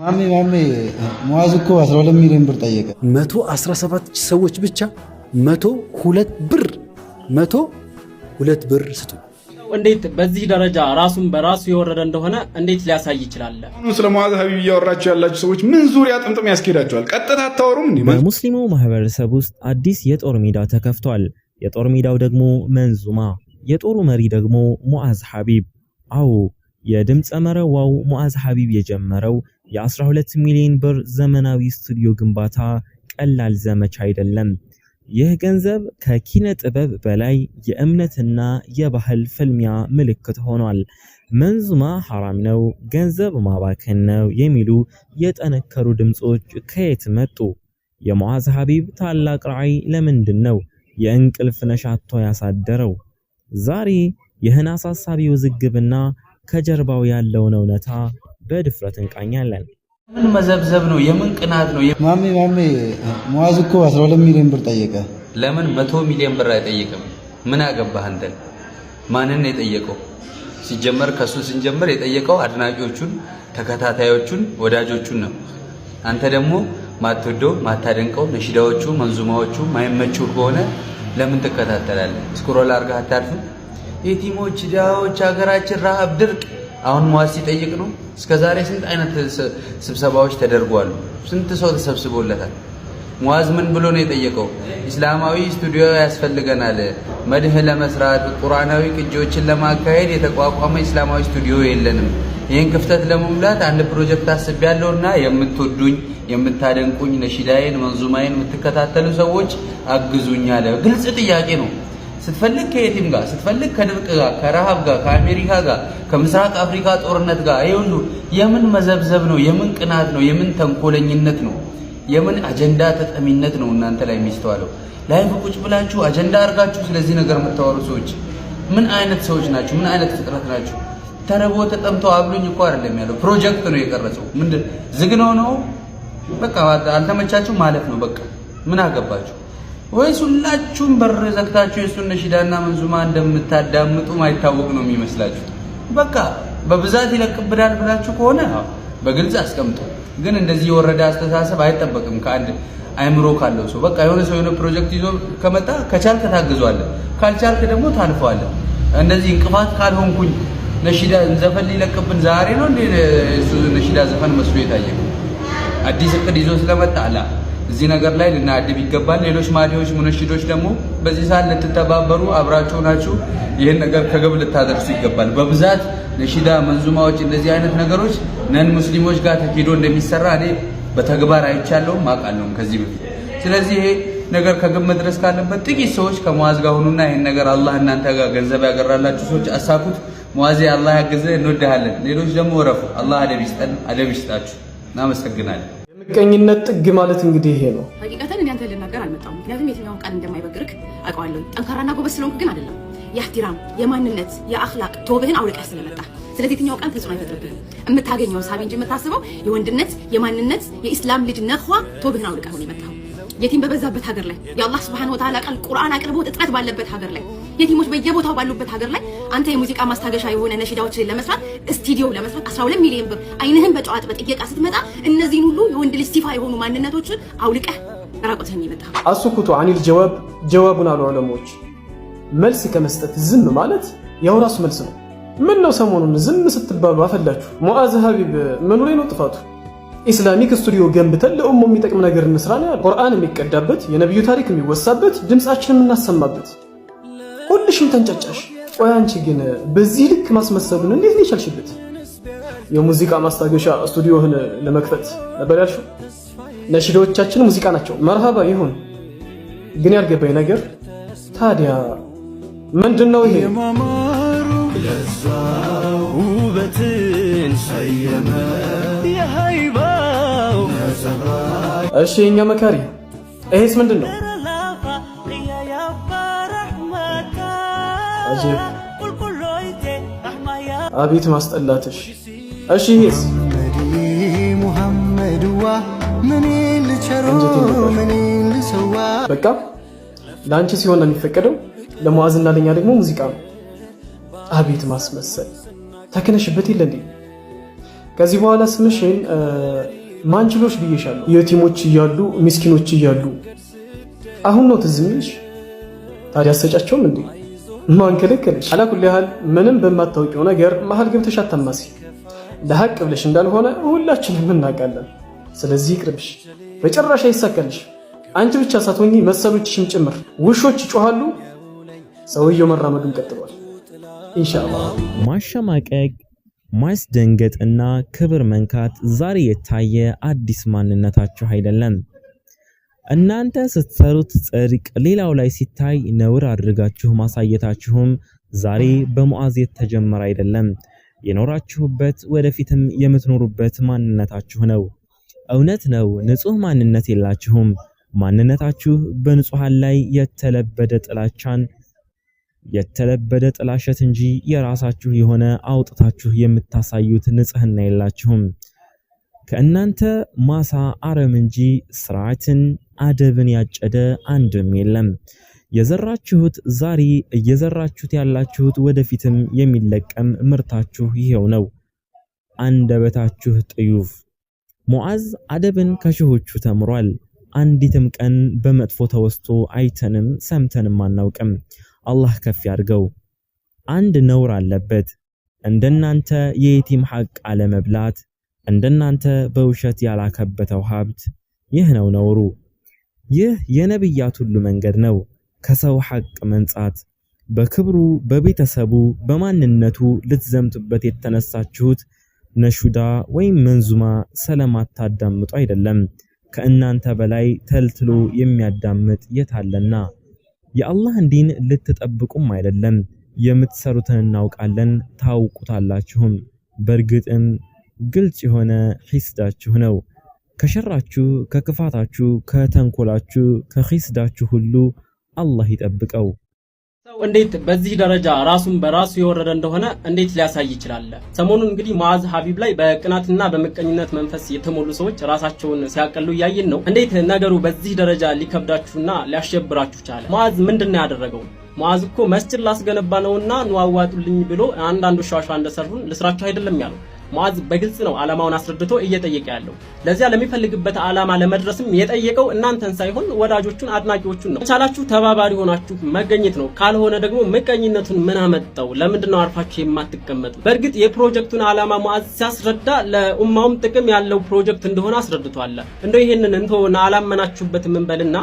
ማሚ ማሚ ሙዋዝ እኮ 12 ሚሊዮን ብር ጠየቀ። 117 ሰዎች ብቻ 102 ብር 102 ብር ስጡ። እንዴት በዚህ ደረጃ ራሱን በራሱ የወረደ እንደሆነ እንዴት ሊያሳይ ይችላል? ስለ ሙአዝ ሀቢብ እያወራችሁ ያላችሁ ሰዎች ምን ዙሪያ ጥምጥም ያስኬዳቸዋል? ቀጥታ አታወሩም። በሙስሊሙ ማህበረሰብ ውስጥ አዲስ የጦር ሜዳ ተከፍቷል። የጦር ሜዳው ደግሞ መንዙማ፣ የጦሩ መሪ ደግሞ ሙአዝ ሀቢብ። አዎ የድምፀ መረዋው ሙአዝ ሀቢብ የጀመረው የ12 ሚሊዮን ብር ዘመናዊ ስቱዲዮ ግንባታ ቀላል ዘመቻ አይደለም። ይህ ገንዘብ ከኪነ ጥበብ በላይ የእምነትና የባህል ፍልሚያ ምልክት ሆኗል። መንዙማ ሐራም ነው፣ ገንዘብ ማባከን ነው የሚሉ የጠነከሩ ድምፆች ከየት መጡ? የሙዓዝ ሀቢብ ታላቅ ራዕይ ለምንድን ነው የእንቅልፍ ነሻቶ ያሳደረው? ዛሬ ይህን አሳሳቢ ውዝግብና ከጀርባው ያለውን እውነታ በድፍረት እንቃኛለን። ምን መዘብዘብ ነው? የምን ቅናት ነው? ማሜ ማሜ መዋዝ እኮ 12 ሚሊዮን ብር ጠየቀ። ለምን መቶ ሚሊዮን ብር አይጠይቅም? ምን አገባህ አንተ? ማንን የጠየቀው? ሲጀመር ከሱ ስንጀምር የጠየቀው አድናቂዎቹን፣ ተከታታዮቹን፣ ወዳጆቹን ነው። አንተ ደግሞ ማትወደው ማታደንቀው ነሽዳዎቹ፣ መንዙማዎቹ ማይመቹ ከሆነ ለምን ትከታተላለህ? ስክሮል አርጋ አታልፍም? የቲሞች ዳዎች ሀገራችን ረሃብ፣ ድርቅ አሁን መዋስ ሲጠይቅ ነው። እስከ ዛሬ ስንት አይነት ስብሰባዎች ተደርጓሉ። ስንት ሰው ተሰብስቦለታል። መዋዝ ምን ብሎ ነው የጠየቀው? ኢስላማዊ ስቱዲዮ ያስፈልገናል፣ መድህ ለመስራት ቁርአናዊ ቅጂዎችን ለማካሄድ የተቋቋመ ኢስላማዊ ስቱዲዮ የለንም። ይህን ክፍተት ለመሙላት አንድ ፕሮጀክት አስቤያለሁና የምትወዱኝ የምታደንቁኝ፣ ነሺዳዬን መንዙማዬን የምትከታተሉ ሰዎች አግዙኝ አለ። ግልጽ ጥያቄ ነው። ስትፈልግ ከየቲም ጋር ስትፈልግ ከድርቅ ጋር ከረሃብ ጋር ከአሜሪካ ጋር ከምስራቅ አፍሪካ ጦርነት ጋር ይሄ ሁሉ የምን መዘብዘብ ነው? የምን ቅናት ነው? የምን ተንኮለኝነት ነው? የምን አጀንዳ ተጠሚነት ነው እናንተ ላይ የሚስተዋለው? ላይ ቁጭ ብላችሁ አጀንዳ አድርጋችሁ ስለዚህ ነገር የምታወሩ ሰዎች ምን አይነት ሰዎች ናችሁ? ምን አይነት ፍጥረት ናችሁ? ተረቦ ተጠምቶ አብሉኝ እኮ አይደለም ያለው። ፕሮጀክት ነው የቀረጸው። ምንድን ዝግ ነው ነው በቃ አልተመቻችሁ ማለት ነው። በቃ ምን አገባችሁ? ወይስ ሁላችሁም በር ዘግታችሁ የሱን ነሽዳና መንዙማ እንደምታዳምጡ ማይታወቅ ነው የሚመስላችሁ? በቃ በብዛት ይለቅብዳል ብላችሁ ከሆነ በግልጽ አስቀምጡ። ግን እንደዚህ የወረደ አስተሳሰብ አይጠበቅም ከአንድ አይምሮ ካለው ሰው። በቃ የሆነ ሰው የሆነ ፕሮጀክት ይዞ ከመጣ ከቻልክ ታግዟለህ፣ ካልቻልክ ደግሞ ታልፈዋለህ። እንደዚህ እንቅፋት ካልሆንኩኝ ነሽዳ ዘፈን ሊለቅብን ዛሬ ነው እንዴ? ነሽዳ ዘፈን መስሎ የታየ አዲስ እቅድ ይዞ ስለመጣ አላ እዚህ ነገር ላይ ልናድብ ይገባል። ሌሎች ማዲዎች፣ ሙነሽዶች ደግሞ በዚህ ሰዓት ልትተባበሩ አብራችሁ ናችሁ ይህን ነገር ከግብ ልታደርሱ ይገባል። በብዛት ነሽዳ መንዙማዎች፣ እንደዚህ አይነት ነገሮች ነን ሙስሊሞች ጋር ተኪዶ እንደሚሰራ እኔ በተግባር አይቻለሁም አውቃለሁም ከዚህ በፊት። ስለዚህ ይሄ ነገር ከግብ መድረስ ካለበት ጥቂት ሰዎች ከሙዓዝ ጋር ሁኑና ይህን ነገር አላህ እናንተ ጋር ገንዘብ ያገራላችሁ ሰዎች አሳኩት። መዋዜ አላህ ያግዘህ፣ እንወድሃለን። ሌሎች ደግሞ እረፉ። አላህ አደብ ይስጠን፣ አደብ ይስጣችሁ። እናመሰግናለን። ቀኝነት ጥግ ማለት እንግዲህ ይሄ ነው። ሀቂቀተን እኔ አንተ ልናገር አልመጣሁም። ምክንያቱም የትኛውን ቃል እንደማይበግርክ አውቀዋለሁ። ጠንካራና ጎበዝ ስለሆንኩ ግን አይደለም። የአህቲራም የማንነት የአክላቅ ቶብህን አውልቀህ ስለመጣ ስለዚህ የትኛው ቃል ተጽዕኖ አይፈጥርብህም። የምታገኘው ሳቢ እንጂ የምታስበው የወንድነት የማንነት የኢስላም ልጅ ነኽዋ ቶብህን አውልቀህ ነው የመጣኸው። የቲም በበዛበት ሀገር ላይ የአላህ ስብሐነ ወተዓላ ቃል ቁርአን አቅርቦት እጥረት ባለበት ሀገር ላይ የቲሞች በየቦታው ባሉበት ሀገር ላይ አንተ የሙዚቃ ማስታገሻ የሆነ ነሽዳዎች ለመስራት ስቱዲዮ ለመስራት 12 ሚሊዮን ብር አይንህን በጨዋጥ በጥየቃ ስትመጣ እነዚህን ሁሉ የወንድ ልጅ ሲፋ የሆኑ ማንነቶችን አውልቀህ ራቆትህን ይመጣ። አሱኩቱ አኒል ጀዋብ ጀዋቡን አሉ ዑለሞች። መልስ ከመስጠት ዝም ማለት ያው ራሱ መልስ ነው። ምን ነው ሰሞኑን ዝም ስትባሉ አፈላችሁ? ሙአዝ ሀቢብ ምኑ ላይ ነው ጥፋቱ? ኢስላሚክ ስቱዲዮ ገንብተን ለኡሞ የሚጠቅም ነገር እንስራ ነው ያለው። ቁርአን የሚቀዳበት የነቢዩ ታሪክ የሚወሳበት ድምፃችን የምናሰማበት ሁልሽም ተንጫጫሽ ቆይ አንቺ ግን በዚህ ልክ ማስመሰሉን እንዴት ነው የቻልሽበት? የሙዚቃ ማስታገሻ ስቱዲዮህን ለመክፈት ነበር ያልሽው? ነሽዳዎቻችን ሙዚቃ ናቸው። መርሃባ ይሁን። ግን ያልገባኝ ነገር ታዲያ ምንድን ነው ይሄ? የማማሩ ውበትን ሰየመ የሃይባው እሺ፣ የእኛ መካሪ ይሄስ ምንድን ነው? አቤት ማስጠላትሽ። እሺ ይሄስ በቃ ለአንቺ ሲሆን ነው የሚፈቀደው። ለመዋዝና ለኛ ደግሞ ሙዚቃ ነው። አቤት ማስመሰል ተክነሽበት የለ እንዴ? ከዚህ በኋላ ስምሽን ብዬሻለሁ። የቲሞች እያሉ እያሉ አሁን ነው ታዲያ አሰጫቸውም እንዴ? ማን ከለከለሽ? አላኩል ያህል ምንም በማታውቂው ነገር መሀል ገብተሽ አታማሲ። ለሀቅ ብለሽ እንዳልሆነ ሁላችንም እናውቃለን። ስለዚህ ይቅርብሽ፣ በጭራሽ አይሳካልሽ። አንቺ ብቻ ሳትሆኚ መሰሎችሽም ጭምር ውሾች ይጮሃሉ። ሰውየው መራመዱን ቀጥሏል። ኢንሻአላህ ማሸማቀቅ ማስደንገጥና ክብር መንካት ዛሬ የታየ አዲስ ማንነታችሁ አይደለም። እናንተ ስትሰሩት ጽድቅ ሌላው ላይ ሲታይ ነውር አድርጋችሁ ማሳየታችሁም ዛሬ በሙዓዝ የተጀመረ አይደለም፤ የኖራችሁበት ወደፊትም የምትኖሩበት ማንነታችሁ ነው። እውነት ነው፣ ንጹህ ማንነት የላችሁም። ማንነታችሁ በንጹሃን ላይ የተለበደ ጥላቻን የተለበደ ጥላሸት እንጂ የራሳችሁ የሆነ አውጥታችሁ የምታሳዩት ንጽህና የላችሁም። ከእናንተ ማሳ አረም እንጂ ሥርዓትን አደብን ያጨደ አንድም የለም። የዘራችሁት ዛሬ እየዘራችሁት ያላችሁት ወደፊትም የሚለቀም ምርታችሁ ይሄው ነው። አንደበታችሁ ጥዩፍ። ሙዓዝ አደብን ከሽሆቹ ተምሯል። አንዲትም ቀን በመጥፎ ተወስቶ አይተንም ሰምተንም አናውቅም። አላህ ከፍ ያድርገው። አንድ ነውር አለበት፣ እንደናንተ የየቲም ሐቅ አለመብላት እንደናንተ በውሸት ያላከበተው ሀብት ይህ ነው ነውሩ። ይህ የነብያት ሁሉ መንገድ ነው። ከሰው ሐቅ መንጻት በክብሩ በቤተሰቡ በማንነቱ ልትዘምቱበት የተነሳችሁት ነሹዳ ወይም መንዙማ ስለማታዳምጡ አይደለም። ከእናንተ በላይ ተልትሎ የሚያዳምጥ የታለና? የአላህን ዲን ልትጠብቁም አይደለም። የምትሰሩትን እናውቃለን ታውቁታላችሁም። በእርግጥም ግልጽ የሆነ ሒስዳችሁ ነው። ከሸራችሁ፣ ከክፋታችሁ፣ ከተንኮላችሁ፣ ከሒስዳችሁ ሁሉ አላህ ይጠብቀው። ሰው እንዴት በዚህ ደረጃ ራሱን በራሱ የወረደ እንደሆነ እንዴት ሊያሳይ ይችላል? ሰሞኑን እንግዲህ መዓዝ ሀቢብ ላይ በቅናትና በምቀኝነት መንፈስ የተሞሉ ሰዎች ራሳቸውን ሲያቀሉ እያየን ነው። እንዴት ነገሩ በዚህ ደረጃ ሊከብዳችሁና ሊያሸብራችሁ ቻለ? ሙአዝ ምንድን ነው ያደረገው? ሙአዝ እኮ መስጅድ ላስገነባ ነውና ኑ አዋጡልኝ ብሎ አንዳንዱ ሻሻ እንደሰሩን ልስራችሁ አይደለም ያለው ሙዓዝ በግልጽ ነው አላማውን አስረድቶ እየጠየቀ ያለው። ለዚያ ለሚፈልግበት ዓላማ ለመድረስም የጠየቀው እናንተን ሳይሆን ወዳጆቹን፣ አድናቂዎቹን ነው። ቻላችሁ ተባባሪ ሆናችሁ መገኘት ነው። ካልሆነ ደግሞ ምቀኝነቱን ምን አመጣው? ለምንድነው አርፋችሁ የማትቀመጡ? በእርግጥ የፕሮጀክቱን ዓላማ ሙዓዝ ሲያስረዳ ለኡማውም ጥቅም ያለው ፕሮጀክት እንደሆነ አስረድቷል። እንደው ይሄንን እንተውና አላመናችሁበት ምን በልና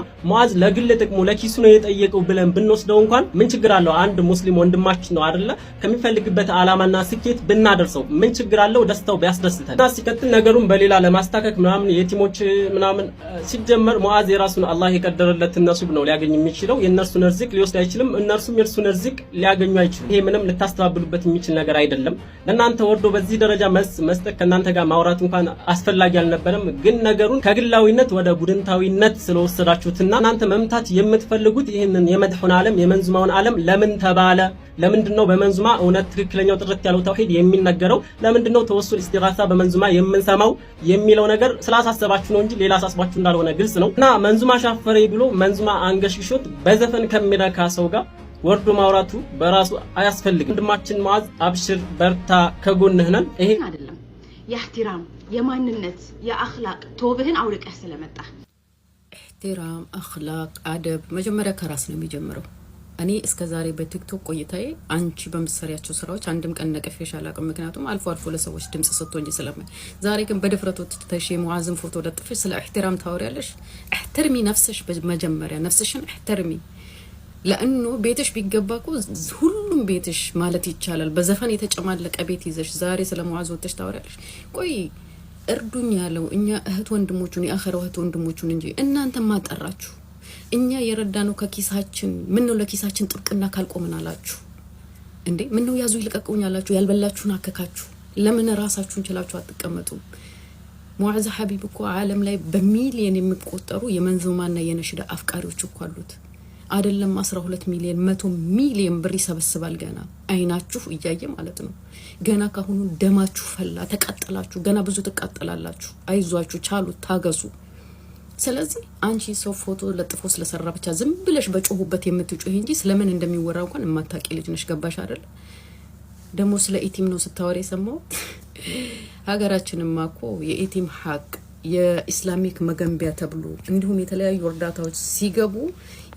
ለግል ጥቅሙ ለኪሱ ነው የጠየቀው ብለን ብንወስደው እንኳን ምን ችግር አለው? አንድ ሙስሊም ወንድማችን ነው አይደለ? ከሚፈልግበት አላማና ስኬት ብናደርሰው ምን ችግር አለው? ስላለው ደስታው ቢያስደስተን እና ሲቀጥል ነገሩን በሌላ ለማስታከክ ምናምን የቲሞች ምናምን ሲጀመር ሙአዝ የራሱን አላህ የቀደረለት ነሱብ ነው ሊያገኝ የሚችለው። የእነርሱን እርዝቅ ሊወስድ አይችልም። እነርሱም የእርሱን እርዝቅ ሊያገኙ አይችሉም። ይሄ ምንም ልታስተባብሉበት የሚችል ነገር አይደለም። ለእናንተ ወርዶ በዚህ ደረጃ መስ መስጠት ከእናንተ ጋር ማውራት እንኳን አስፈላጊ አልነበረም። ግን ነገሩን ከግላዊነት ወደ ቡድንታዊነት ስለወሰዳችሁትና እናንተ መምታት የምትፈልጉት ይህንን የመድሑን ዓለም የመንዙማውን ዓለም ለምን ተባለ? ለምንድነው በመንዙማ እውነት ትክክለኛው ጥርት ያለው ተውሂድ የሚነገረው? ለምንድነው ተወሱል ኢስቲጋሳ በመንዙማ የምንሰማው የሚለው ነገር ስላሳሰባችሁ ነው እንጂ ሌላ አሳስባችሁ እንዳልሆነ ግልጽ ነው እና መንዙማ ሻፈሬ ብሎ መንዙማ አንገሽግሾት በዘፈን ከሚነካ ሰው ጋር ወርዶ ማውራቱ በራሱ አያስፈልግም። ወንድማችን መዓዝ አብሽር፣ በርታ፣ ከጎንህ ነን። ይሄ አይደለም የእህትራም የማንነት የአኽላቅ ቶብህን አውልቀህ ስለመጣ እህትራም፣ አኽላቅ፣ አደብ መጀመሪያ ከራስ ነው የሚጀምረው። እኔ እስከ ዛሬ በቲክቶክ ቆይታዬ አንቺ በምትሰሪያቸው ስራዎች አንድም ቀን ነቅፌሽ አላውቅም። ምክንያቱም አልፎ አልፎ ለሰዎች ድምጽ ሰጥቶኝ ስለማይ፣ ዛሬ ግን በድፍረት ወጥተሽ የመዋዝን ፎቶ ለጥፈሽ ስለ እሕትራም ታወሪያለሽ። እሕትርሚ ነፍስሽ፣ መጀመሪያ ነፍስሽን እሕትርሚ። ለእኖ ቤትሽ ቢገባ እኮ ሁሉም ቤትሽ ማለት ይቻላል በዘፈን የተጨማለቀ ቤት ይዘሽ ዛሬ ስለ መዋዝ ወጥተሽ ታወሪያለሽ። ቆይ እርዱኝ ያለው እኛ እህት ወንድሞቹን የአኸር እህት ወንድሞቹን እንጂ እናንተ ማጠራችሁ እኛ የረዳ ነው ከኪሳችን። ምን ነው ለኪሳችን ጥብቅና ካልቆምን አላችሁ እንዴ? ምን ነው ያዙ ይልቀቁኝ አላችሁ? ያልበላችሁን አከካችሁ። ለምን ራሳችሁን ችላችሁ አትቀመጡም? ሙዓዝ ሀቢብ እኮ ዓለም ላይ በሚሊየን የሚቆጠሩ የመንዙማና የነሽዳ አፍቃሪዎች እኮ አሉት አይደለም ሁለት ሚሊዮን መቶ ሚሊየን ብር ይሰበስባል። ገና አይናችሁ እያየ ማለት ነው። ገና ካሁኑ ደማችሁ ፈላ፣ ተቃጠላችሁ። ገና ብዙ ትቃጠላላችሁ። አይዟችሁ፣ ቻሉት ታገሱ። ስለዚህ አንቺ ሰው ፎቶ ለጥፎ ስለሰራ ብቻ ዝም ብለሽ በጮሁበት የምትጮህ እንጂ ስለምን እንደሚወራ እንኳን የማታውቂ ልጅ ነሽ። ገባሽ አይደለ? ደግሞ ስለ ኢቲም ነው ስታወር የሰማሁት። ሀገራችንማ እኮ የኢቲም ሀቅ የኢስላሚክ መገንቢያ ተብሎ እንዲሁም የተለያዩ እርዳታዎች ሲገቡ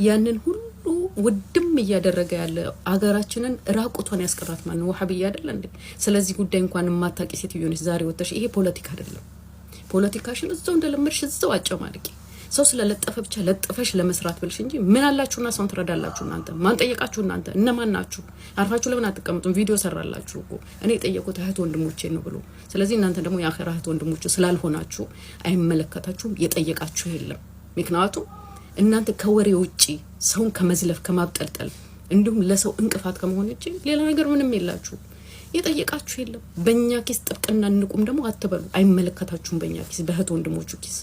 ያንን ሁሉ ውድም እያደረገ ያለ ሀገራችንን ራቁቷን ያስቀራት ማን ነው። ዋሀብያ አይደለ እንዴ? ስለዚህ ጉዳይ እንኳን የማታውቂ ሴትዮ ነች። ዛሬ ወጥተሽ ይሄ ፖለቲካ አይደለም ፖለቲካሽን እዛው እንደለመድሽ እዛው አጨማልቂ። ሰው ስለለጠፈ ብቻ ለጥፈሽ ለመስራት ብልሽ እንጂ ምን አላችሁና ሰውን ትረዳላችሁ እናንተ? ማን ጠየቃችሁ እናንተ? እነማን ናችሁ? አርፋችሁ ለምን አትቀምጡም? ቪዲዮ ሰራላችሁ እኮ እኔ የጠየቁት እህት ወንድሞቼ ነው ብሎ። ስለዚህ እናንተ ደግሞ የአኸራ እህት ወንድሞች ስላልሆናችሁ አይመለከታችሁም፣ የጠየቃችሁ የለም። ምክንያቱም እናንተ ከወሬ ውጪ ሰውን ከመዝለፍ ከማብጠልጠል እንዲሁም ለሰው እንቅፋት ከመሆን ውጪ ሌላ ነገር ምንም የላችሁ። የጠየቃችሁ የለም። በእኛ ኪስ ጥብቅና እንቁም ደግሞ አትበሉ። አይመለከታችሁም። በእኛ ኪስ፣ በእህት ወንድሞቹ ኪስ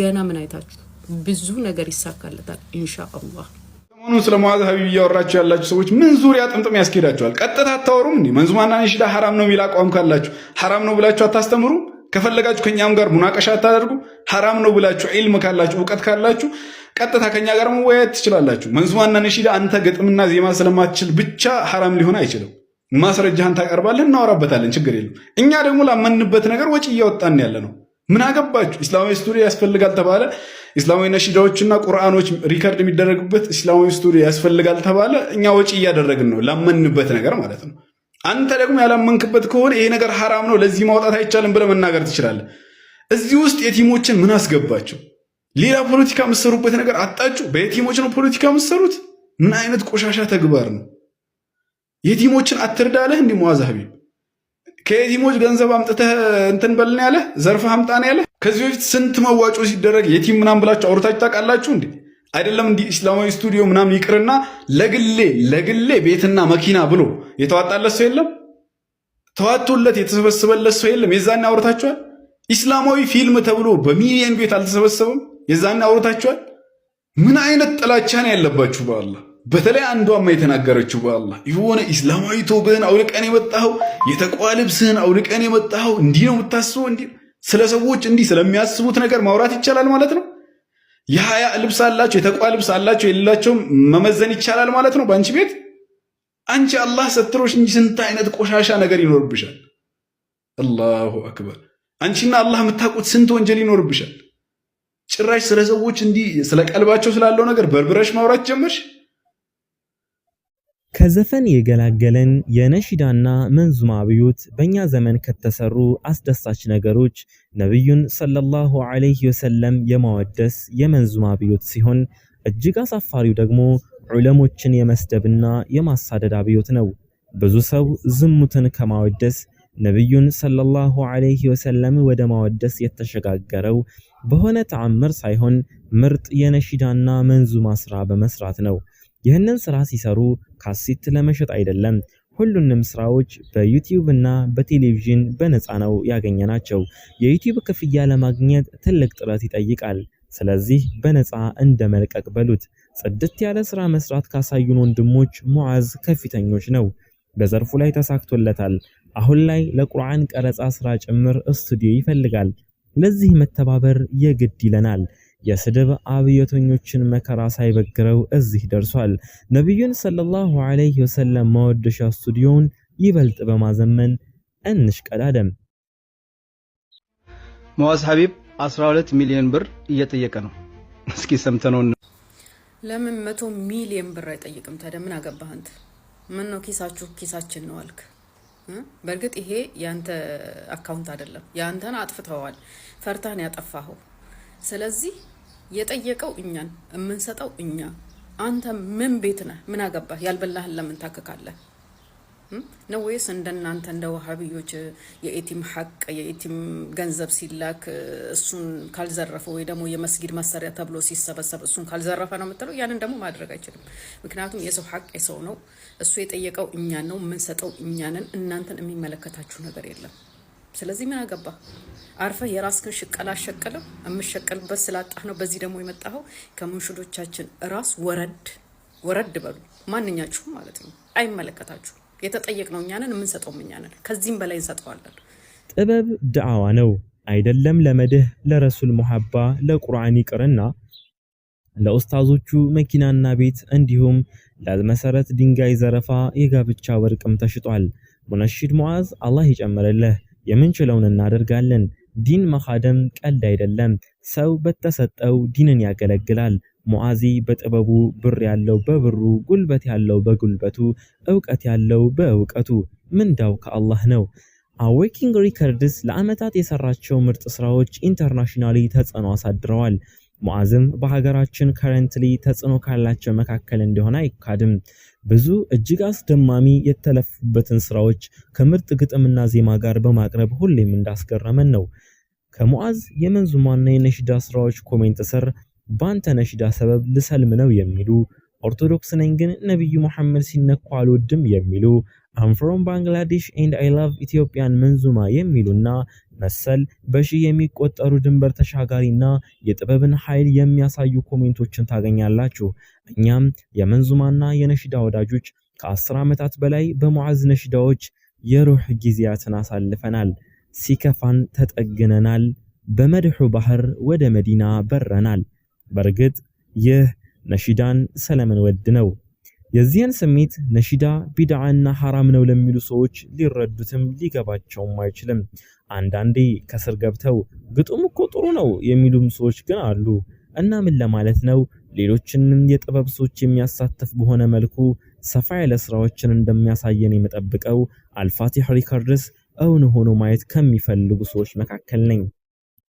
ገና ምን አይታችሁ ብዙ ነገር ይሳካለታል እንሻ አላህ። ሰሞኑን ስለ ሙዓዝ ሀቢብ እያወራችሁ ያላችሁ ሰዎች ምን ዙሪያ ጥምጥም ያስኬዳችኋል? ቀጥታ አታወሩም እ መንዙማና ንሽዳ ሐራም ነው የሚል አቋም ካላችሁ ሐራም ነው ብላችሁ አታስተምሩ። ከፈለጋችሁ ከእኛም ጋር ሙናቀሻ አታደርጉ። ሐራም ነው ብላችሁ ዒልም ካላችሁ እውቀት ካላችሁ ቀጥታ ከኛ ጋር መወያየት ትችላላችሁ። መንዙማና ንሽዳ አንተ ግጥምና ዜማ ስለማትችል ብቻ ሐራም ሊሆን አይችልም። ማስረጃህን ታቀርባለህ፣ እናወራበታለን፣ ችግር የለም። እኛ ደግሞ ላመንበት ነገር ወጪ እያወጣን ያለ ነው። ምን አገባችሁ? ኢስላማዊ ስቱዲዮ ያስፈልጋል ተባለ፣ ኢስላማዊ ነሽዳዎችና ቁርአኖች ሪከርድ የሚደረግበት ኢስላማዊ ስቱዲዮ ያስፈልጋል ተባለ። እኛ ወጪ እያደረግን ነው፣ ላመንበት ነገር ማለት ነው። አንተ ደግሞ ያላመንክበት ከሆነ ይሄ ነገር ሐራም ነው፣ ለዚህ ማውጣት አይቻልም ብለህ መናገር ትችላለህ። እዚህ ውስጥ የቲሞችን ምን አስገባቸው? ሌላ ፖለቲካ የምትሰሩበት ነገር አጣችሁ። በየቲሞች ነው ፖለቲካ የምትሰሩት? ምን አይነት ቆሻሻ ተግባር ነው? የቲሞችን አትርዳ እንዲ እንዲህ ሀቢብ ከየቲሞች ገንዘብ አምጥተህ እንትን በልን ያለ ዘርፍ አምጣን ያለ ከዚህ በፊት ስንት መዋጮ ሲደረግ የቲም ምናም ብላችሁ አውርታችሁ ታውቃላችሁ እንዴ? አይደለም እንዲህ ኢስላማዊ ስቱዲዮ ምናምን ይቅርና ለግሌ ለግሌ ቤትና መኪና ብሎ የተዋጣለት ሰው የለም። ተዋቶለት የተሰበሰበለት ሰው የለም። የዛኔ አውርታችኋል። ኢስላማዊ ፊልም ተብሎ በሚሊየን ቤት አልተሰበሰበም። የዛኔ አውርታችኋል። ምን አይነት ጥላቻ ነው ያለባችሁ በአላህ በተለይ አንዷማ የተናገረችው በአላህ የሆነ ኢስላማዊ ቶብህን አውልቀን የመጣኸው የተቋ ልብስህን አውልቀን የመጣኸው እንዲህ ነው የምታስበው፣ እንዲህ ስለ ሰዎች እንዲህ ስለሚያስቡት ነገር ማውራት ይቻላል ማለት ነው። የሀያ ልብስ አላቸው የተቋ ልብስ አላቸው የሌላቸውም መመዘን ይቻላል ማለት ነው። በአንቺ ቤት አንቺ አላህ ሰትሮች እንጂ ስንት አይነት ቆሻሻ ነገር ይኖርብሻል። አላሁ አክበር። አንቺና አላህ የምታውቁት ስንት ወንጀል ይኖርብሻል። ጭራሽ ስለ ሰዎች እንዲህ ስለ ቀልባቸው ስላለው ነገር በርብረሽ ማውራት ጀመርሽ። ከዘፈን የገላገለን የነሺዳና መንዙማ አብዮት በእኛ ዘመን ከተሰሩ አስደሳች ነገሮች ነቢዩን ሰለላሁ ዐለይሂ ወሰለም የማወደስ የመንዙማ አብዮት ሲሆን እጅግ አሳፋሪው ደግሞ ዑለሞችን የመስደብና የማሳደድ አብዮት ነው። ብዙ ሰው ዝሙትን ከማወደስ ነቢዩን ሰለላሁ ዐለይሂ ወሰለም ወደ ማወደስ የተሸጋገረው በሆነ ተአምር ሳይሆን ምርጥ የነሺዳና መንዙማ ስራ በመስራት ነው። ይህንን ስራ ሲሰሩ ካሴት ለመሸጥ አይደለም። ሁሉንም ስራዎች በዩቲዩብ እና በቴሌቪዥን በነፃ ነው ያገኘ ናቸው። የዩቲዩብ ክፍያ ለማግኘት ትልቅ ጥረት ይጠይቃል። ስለዚህ በነፃ እንደ መልቀቅ በሉት። ጽድት ያለ ስራ መስራት ካሳዩን ወንድሞች ሙዓዝ ከፊተኞች ነው። በዘርፉ ላይ ተሳክቶለታል። አሁን ላይ ለቁርአን ቀረጻ ስራ ጭምር ስቱዲዮ ይፈልጋል። ለዚህ መተባበር የግድ ይለናል። የስድብ አብዮተኞችን መከራ ሳይበግረው እዚህ ደርሷል። ነቢዩን ሰለላሁ ዐለይሂ ወሰለም ማወደሻ ስቱዲዮን ይበልጥ በማዘመን እንሽቀዳደም። መዋዝ ሀቢብ 12 ሚሊዮን ብር እየጠየቀ ነው። እስኪ ሰምተነው። ለምን መቶ ሚሊዮን ብር አይጠይቅም? ታዲያ ምን አገባህ አንተ? ምን ነው ኪሳችሁ ኪሳችን ነው አልክ። በእርግጥ ይሄ ያንተ አካውንት አይደለም፣ ያንተን አጥፍተዋል። ፈርታን ያጠፋኸው ስለዚህ የጠየቀው እኛን የምንሰጠው እኛ። አንተ ምን ቤት ነህ? ምን አገባህ? ያልበላህን ለምን ታከካለህ? ነው ወይስ እንደናንተ እንደ ዋሃብዮች የኤቲም ሀቅ የኤቲም ገንዘብ ሲላክ እሱን ካልዘረፈ ወይ ደግሞ የመስጊድ መሰሪያ ተብሎ ሲሰበሰብ እሱን ካልዘረፈ ነው የምትለው? ያንን ደግሞ ማድረግ አይችልም። ምክንያቱም የሰው ሀቅ የሰው ነው። እሱ የጠየቀው እኛን ነው፣ የምንሰጠው እኛንን። እናንተን የሚመለከታችሁ ነገር የለም። ስለዚህ ምን አገባ አርፈ የራስክን ሽቀል አሸቀልም የምሸቀልበት ስላጣህ ነው። በዚህ ደግሞ የመጣኸው ከሙንሽዶቻችን ራስ ወረድ ወረድ በሉ ማንኛችሁም ማለት ነው። አይመለከታችሁም። ነው እኛንን የምንሰጠውም እኛንን ከዚህም በላይ እንሰጠዋለን። ጥበብ ድዓዋ ነው አይደለም። ለመድህ ለረሱል ሙሐባ ለቁርአን ይቅርና ለኡስታዞቹ መኪናና ቤት እንዲሁም ለመሰረት ድንጋይ ዘረፋ የጋብቻ ወርቅም ተሽጧል። ሙነሽድ ሙዓዝ አላህ ይጨምርልህ። የምንችለውን እናደርጋለን። ዲን መኻደም ቀልድ አይደለም። ሰው በተሰጠው ዲንን ያገለግላል። ሙዓዚ በጥበቡ ብር ያለው በብሩ ጉልበት ያለው በጉልበቱ እውቀት ያለው በእውቀቱ ምንዳው ከአላህ ነው። አዌኪንግ ሪከርድስ ለዓመታት የሰራቸው ምርጥ ስራዎች ኢንተርናሽናሊ ተጽዕኖ አሳድረዋል። ሙዓዝም በሀገራችን ከረንትሊ ተጽዕኖ ካላቸው መካከል እንደሆነ አይካድም። ብዙ እጅግ አስደማሚ የተለፉበትን ስራዎች ከምርጥ ግጥምና ዜማ ጋር በማቅረብ ሁሌም እንዳስገረመን ነው። ከሙዓዝ የመንዙማና የነሽዳ ስራዎች ኮሜንት ስር በአንተ ነሽዳ ሰበብ ልሰልም ነው የሚሉ ኦርቶዶክስ ነኝ ግን ነቢዩ መሐመድ ሲነኩ አልወድም የሚሉ አም ፍሮም ባንግላዴሽ ኤንድ አይ ላቭ ኢትዮጵያን መንዙማ የሚሉና መሰል በሺህ የሚቆጠሩ ድንበር ተሻጋሪና የጥበብን ኃይል የሚያሳዩ ኮሜንቶችን ታገኛላችሁ። እኛም የመንዙማና የነሽዳ ወዳጆች ከአስር ዓመታት በላይ በሙዓዝ ነሽዳዎች የሩህ ጊዜያትን አሳልፈናል። ሲከፋን ተጠግነናል። በመድሑ ባህር ወደ መዲና በረናል። በእርግጥ ይህ ነሽዳን ሰለምን ወድ ነው። የዚህን ስሜት ነሺዳ ቢድዓ እና ሐራም ነው ለሚሉ ሰዎች ሊረዱትም ሊገባቸውም አይችልም። አንዳንዴ ከስር ገብተው ግጥም እኮ ጥሩ ነው የሚሉም ሰዎች ግን አሉ። እና ምን ለማለት ነው ሌሎችንም የጥበብ ሰዎች የሚያሳትፍ በሆነ መልኩ ሰፋ ያለ ስራዎችን እንደሚያሳየን የምጠብቀው አልፋቲህ ሪከርድስ እውን ሆኖ ማየት ከሚፈልጉ ሰዎች መካከል ነኝ።